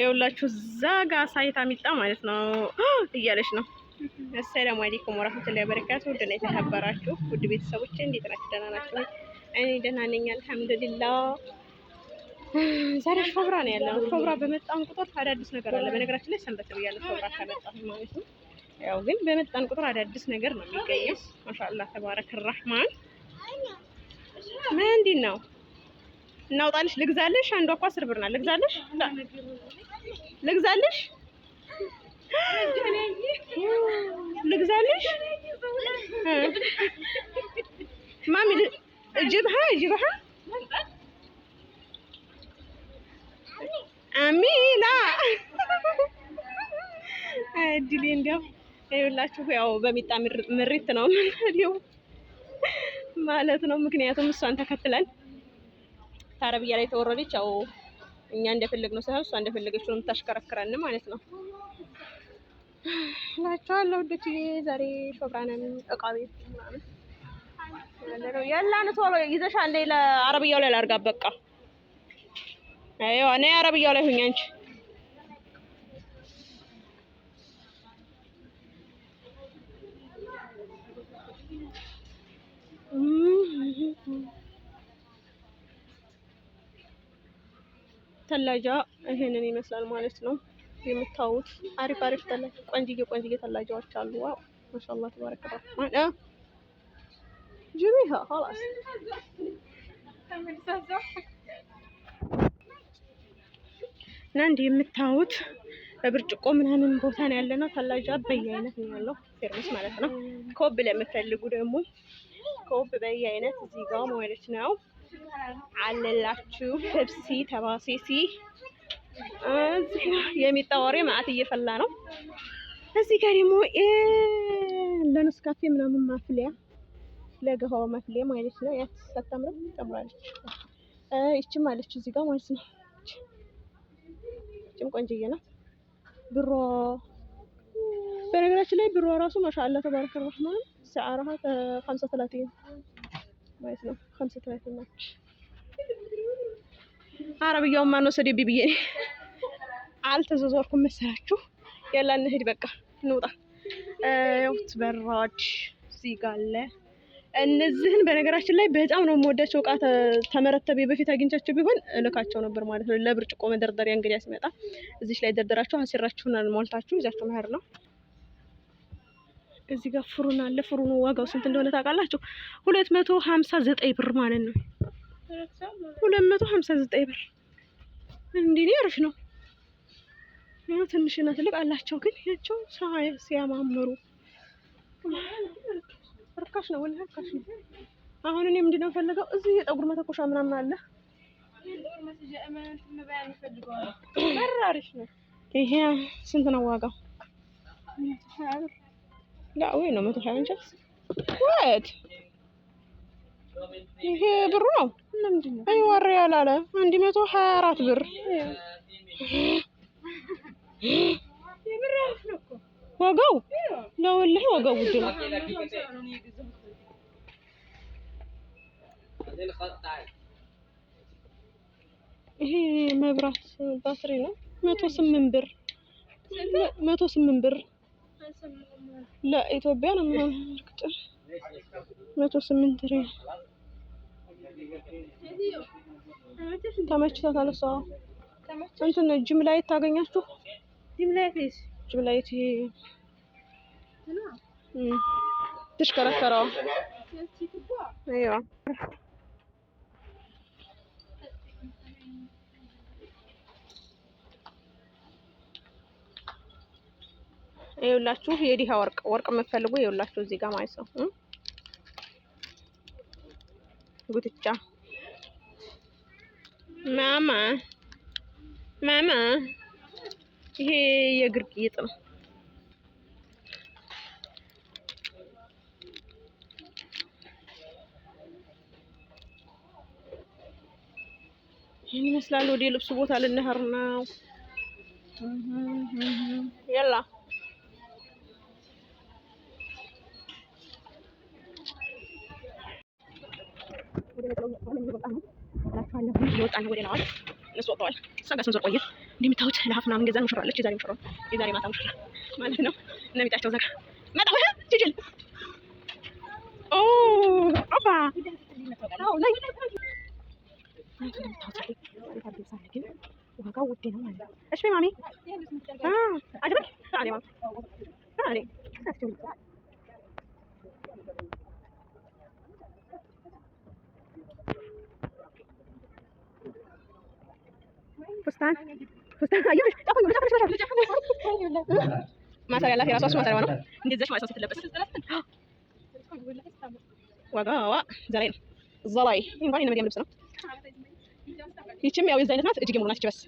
የሁላችሁ እዛ ጋ ሳይታ ሚጣ ማለት ነው እያለች ነው። አሰላሙ አለይኩም ወራህመቱላሂ ወበረካቱ። ውድና የተከበራችሁ ውድ ቤተሰቦች እንዴት ናችሁ? ደህና ናችሁ? እኔ ደህና ነኝ አልሐምዱሊላህ። ዛሬ ሾብራ ነው ያለው። ሾብራ በመጣን ቁጥር አዳዲስ ነገር አለ። በነገራችን ላይ ሰንበት ብያለሁ ሾብራ ካመጣሁ ማለት ነው። ያው ግን በመጣን ቁጥር አዳዲስ ነገር ነው የሚገኘው። ማሻአላህ ተባረከ ረህማን ምንድን ነው እናውጣልሽ ልግዛልሽ። አንዷ እኮ አስር ብር ናት። ልግዛልሽ ልግዛልሽ ልግዛልሽ ማሚ እጅብሃ እጅብሃ አሚና እድሌ እንዲያው ይኸውላችሁ ያው በሚጣ ምሪት ነው ማለት ነው። ምክንያቱም እሷን ተከትለን ከአረብያ ላይ ተወረደች። ያው እኛ እንደፈለግ ነው ሳይሆን እሷ እንደፈለገች ነው የምታሽከረክረን ማለት ነው። እላቸዋለሁ ውዶች፣ ዛሬ ሾብራንን እቃ ቤት ምናምን የላን ቶሎ ይዘሻ እንደ ለአረብያው ላይ ላርጋ። በቃ አይዋ እኔ አረብያው ላይ ሁኝ አንቺ ተላጃ ይሄንን ይመስላል ማለት ነው። የምታዩት አሪፍ አሪፍ ተላጅ ቆንጅዬ ቆንጅዬ ተላጃዎች አሉ። ዋው ማሻአላህ ተባረከ ረህማን ጅሪሃ خلاص እና እንዲህ የምታዩት በብርጭቆ ምናምን ቦታ ነው ያለ ነው። ተላጃ በየአይነት ነው ያለው ፌርሙስ ማለት ነው። ከወብ ለምፈልጉ ደግሞ ከወብ በየአይነት እዚህ ጋር ማለት ነው። አለላችሁ ህብሲ ተባሴሲ እዚህ የሚጣ ወሬ ማአት እየፈላ ነው። እዚህ ጋር ደግሞ ለነስካፌ ምናምን ማፍሊያ ለገሃዋ ማፍሊያ ማለት ነው። ያት ሳታምርም ጨምራለች። ይችም አለች እዚህ ጋር ማለት ነው። ይችም ቆንጅዬ ነው። ብሯ በነገራችን ላይ ብሯ ራሱ ማሻአላ ተባረከ ረህማን ሰዓራሃ ከ50 30 ማለት ነው። ከምስ ትራይተናች አረብያውን ማን ወሰደ ብዬ አልተዘዘርኩም መሰላችሁ። ያላን እህድ በቃ እንውጣ። ውት በራድ እዚህ ጋ አለ። እነዚህን በነገራችን ላይ በጣም ነው የምወዳቸው። እቃ ተመረተብ በፊት አግኝቻቸው ቢሆን እልካቸው ነበር ማለት ነው። ለብርጭቆ መደርደሪያ እንግዲህ ያስመጣ እዚች ላይ ደርደራችሁ አሲራችሁን ሞልታችሁ ይዛችሁ መሄድ ነው። እዚህ ጋር ፍሩን አለ። ፍሩኑ ዋጋው ስንት እንደሆነ ታውቃላችሁ? ሁለት መቶ ሀምሳ ዘጠኝ ብር ማለት ነው። ሁለት መቶ ሀምሳ ዘጠኝ ብር እንዲህ አሪፍ ነው። ትንሽና ትልቅ አላቸው፣ ግን ያቸው ሲያማምሩ ርካሽ ነው። ወላሂ እርካሽ ነው። አሁን እኔ ምንድነው የምፈልገው እዚህ የጠጉር መተኮሻ ምናምን አለ። ይሄ ስንት ነው ዋጋው? لا وينه ما عند شخص وات هي برو ايوا الريال على عندي ما تروح حارات بر وقو لا هو وقو الدنيا هي مبرات باصرينه ما توسم من بر ما توسم من بر ለኢትዮጵያ ነው የሚሆነው። ቅጥር መቶ ስምንት ሪያል ተመችቶታል። እሷ እንትን ጅምላየት ታገኛችሁ። ጅምላየት ይሄ ትሽከረከረዋ ይኸውላችሁ የዲሃ ወርቅ ወርቅ የምትፈልጉ ይኸውላችሁ እዚህ ጋር ማለት ነው። ጉትቻ ማማ ማማ፣ ይሄ የእግር ጌጥ ነው። ይህን ይመስላል። ወደ ልብሱ ቦታ ልንሄድ ነው። የላ ዋጋው ውድ ነው ማለት ነው። እሺ ማሚ ፖስታን ፖስታን አየሽ፣ ጣፈኝ ማሰሪያ የራሷ እሱ ማሰሪያዋ ነው። እንደዚህ ማለት ነው ስትለበስ ዋጋዋ ዘላይ ነው። ዘላይ እንኳን የነመዲያም ልብስ ነው። ይቺም ያው የዛ አይነት ናት። እጅጌ ናት። ይችበስ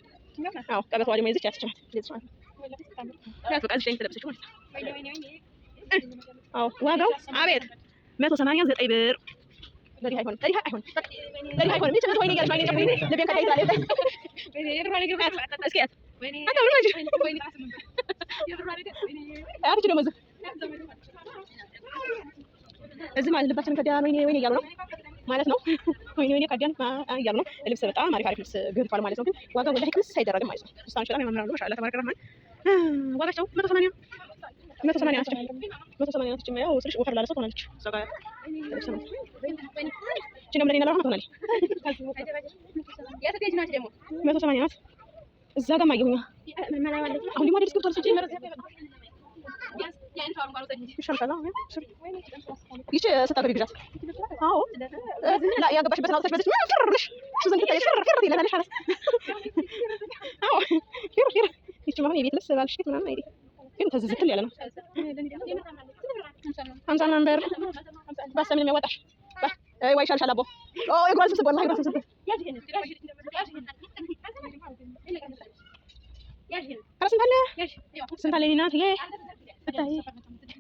ቀበቷ ደግሞ ይዘች ያትችማት ይዘች ማለት ነው። በቃ እዚህ ተለበሰችው አቤት ብር እዚህ ማለት ልባችን ከዲያ ወይኔ ወይኔ እያሉ ነው ማለት ነው። ወይኔ ወይኔ ከዲያን እያሉ ነው። ልብስ በጣም አሪፍ አሪፍ ልብስ ገርቷል ማለት ነው። ግን ዋጋ ወላሂ ቅንስ አይደረግም ማለት ነው። ስታንሽ በጣም ያማምራሉ። ማሻአላ ተባረከ ረህማን ዋጋቸው መቶ ሰማንያ መቶ ሰማንያ ናት። መቶ ሰማንያ ናት። ያው ስልሽ ወፈር ላለ ሰው ትሆናለች። መቶ ሰማንያ ናት። እዛ ጋርም አየሁኝ። አሁን ደግሞ አዲስ ገብቷል። ይቺ ስታገቢ ግዣት። አዎ ያገባሽበትን አውጥተሽ በዚች ፍርሽ እሱ ዘንድ ትታያለሽ። ፍር አዎ ፍር ፍር። የቤት ልብስ ባልሽ ምናምን አይደል? ግን ተዝዝትል ያለ ነው 50 መንበር ባሰ ምንም ያወጣሽ ወይ ይሻልሻል። አቦ ኦ ይጓዝ ስብስብ ወላሂ ይጓዝ ስብስብ ስንት አለ ናት ይሄ ስታይ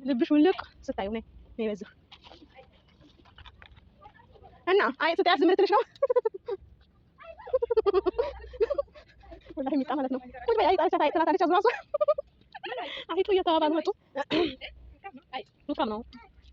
ልብሽ ውልቅ ስታይ ነው ይበዝ እና አይ ስታያት ዝም ልትልሽ ነው ወላሂ የሚጣ ማለት ነው። ቁጭ በይ አይጣ አይ ትላታለች። አዝማሱ አይጡ እየተባባሉ መጡ። አይጥ ነው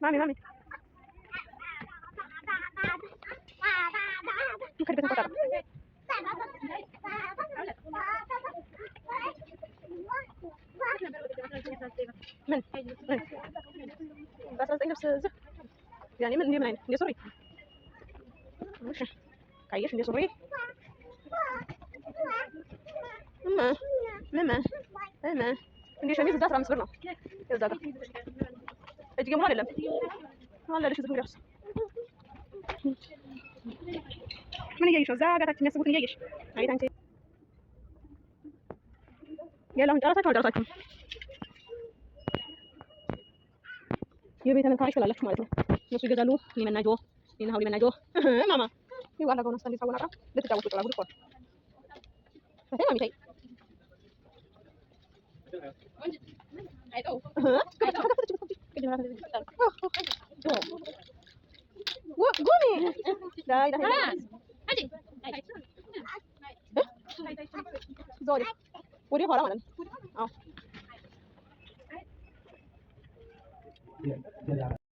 مامي مامي ممكن بيكون قطر من من بس بس نفس زف يعني من يمين يا سوري مش كيف أمم. أمم. أمم. يا سوري ماما ماما ماما عندي شميس زعتر مصبرنا زعتر እጅ መሀል የለም አለሽ ዝም ብለሽ ምን እያየሽ ነው? እዛ ጋር ታች የሚያስቡትን እያየሽ አቤት አንቺ የለውን ጨረሳችሁ አልጨረሳችሁም? የቤተ መካሪች ትላላችሁ ማለት ነው። እነሱ ይገዛሉ። እኔ መናጆ እኔና ሀውሊ መናጆ ማማ ይዋላ ጋር ነው ሳውና ቃ ልትጫወቱ ጥላ ጉድ እኮ ፈተና ሚታይ 嗯。